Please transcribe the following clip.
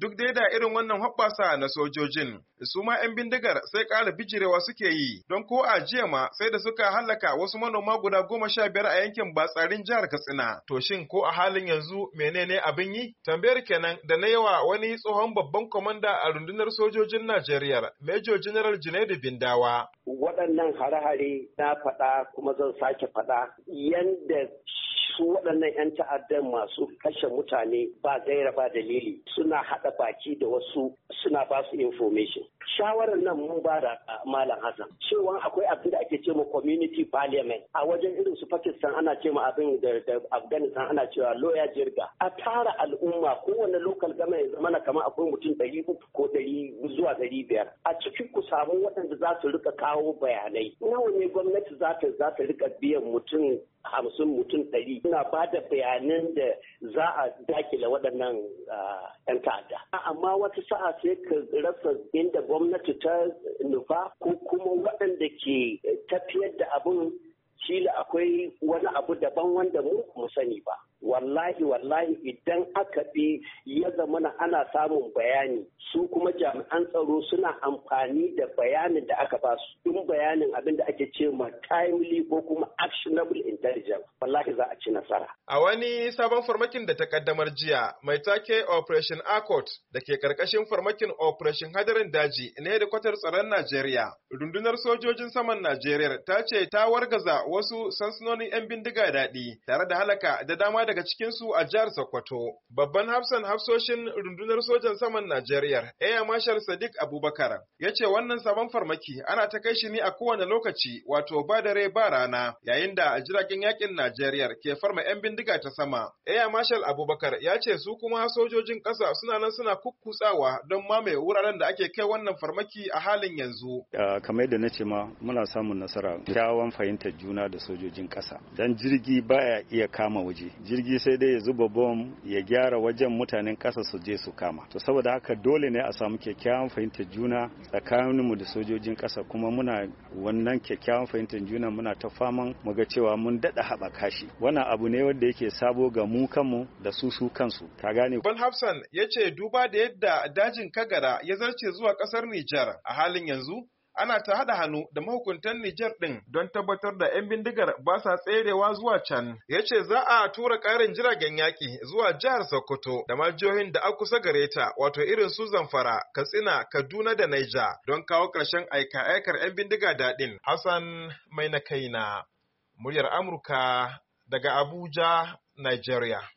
duk dai da irin wannan hoɓɓasa na sojojin. Su ma 'yan bindigar sai ƙara bijirewa suke yi, don ko a jiya ma sai da suka hallaka wasu manoma guda goma sha biyar a yankin batsarin jihar Katsina. To shin ko a halin yanzu menene abin yi? Tambayar kenan da na yawa wani tsohon babban kwamanda a rundunar sojojin Najeriya, Mejo General Junaidu Bindawa. Waɗannan hare-hare na faɗa kuma zan sake faɗa yanda su waɗannan 'yan ta'addan masu kashe mutane ba gaira ba dalili suna haɗa baki da wasu suna ba su information shawarar nan mun ba da ah, malam hassan cewa akwai abin da ake cewa community parliament a wajen irin su pakistan ana cewa abin da afghanistan ana cewa loya jirga a tara al'umma kowane local gama ya zama kamar akwai mutum ɗari uku ko ɗari zuwa ɗari biyar a cikin ku samu waɗanda za su rika kawo bayanai nawa ne gwamnati za ta za ta rika biyan mutum hamsin mutum ɗari Ina ba da bayanan da za a dakile waɗannan ah, 'yan ta'adda amma wata sa'a sai ka rasa inda gwamnati ta nufa ko kuma waɗanda ke tafiyar da abin shi akwai wani abu daban wanda mu mu sani ba wallahi wallahi idan aka bi ya na ana samun bayani su kuma jami'an tsaro suna amfani da bayanin da aka ba su in bayanin abin da ake ce ma timely ko kuma actionable intelligence wallahi za a ci nasara a wani sabon farmakin da ta kaddamar jiya mai take operation accord da ke karkashin farmakin operation hadarin daji ne da kwatar tsaron najeriya rundunar sojojin saman najeriya ta ce ta wargaza wasu sansanonin yan bindiga daɗi tare da halaka da dama dama daga cikinsu a jihar Sokoto. Babban hafsan hafsoshin rundunar sojan saman Najeriya, Air Marshal Sadiq Abubakar, ya ce wannan sabon farmaki ana ta kai shi ne a kowane lokaci, wato ba dare ba rana, yayin da jiragen yakin Najeriya ke farma 'yan bindiga ta sama. Air Marshal Abubakar ya ce su kuma sojojin ƙasa suna nan suna kukkutsawa don mamaye wuraren da ake kai wannan farmaki a halin yanzu. Kamar yadda na ce ma muna samun nasara kyawawan fahimtar juna da sojojin ƙasa. Dan jirgi baya iya kama waje. jirgi sai dai ya zuba bom ya gyara wajen mutanen ƙasa su je su kama to saboda haka dole ne a samu kyakkyawan fahimtar juna tsakaninmu da sojojin ƙasa kuma muna wannan kyakkyawan fahimtar juna muna ta faman mu ga cewa mun daɗa haɓa kashi wannan abu ne wanda yake sabo ga mu kanmu da su su kansu ka gane Bal Hafsan ya ce duba da yadda dajin Kagara ya zarce zuwa ƙasar Nijar a halin yanzu ana ta haɗa hannu da mahukuntan Nijar ɗin don tabbatar da 'yan bindigar ba sa tserewa zuwa can. Ya ce za a tura ƙarin jiragen yaƙi zuwa jihar Sokoto da ma da aka kusa gare ta wato irin su Zamfara, Katsina, Kaduna da Naija don kawo ƙarshen aika-aikar 'yan bindiga daɗin. Hassan Mai na kaina, muryar Amurka daga Abuja, Nigeria.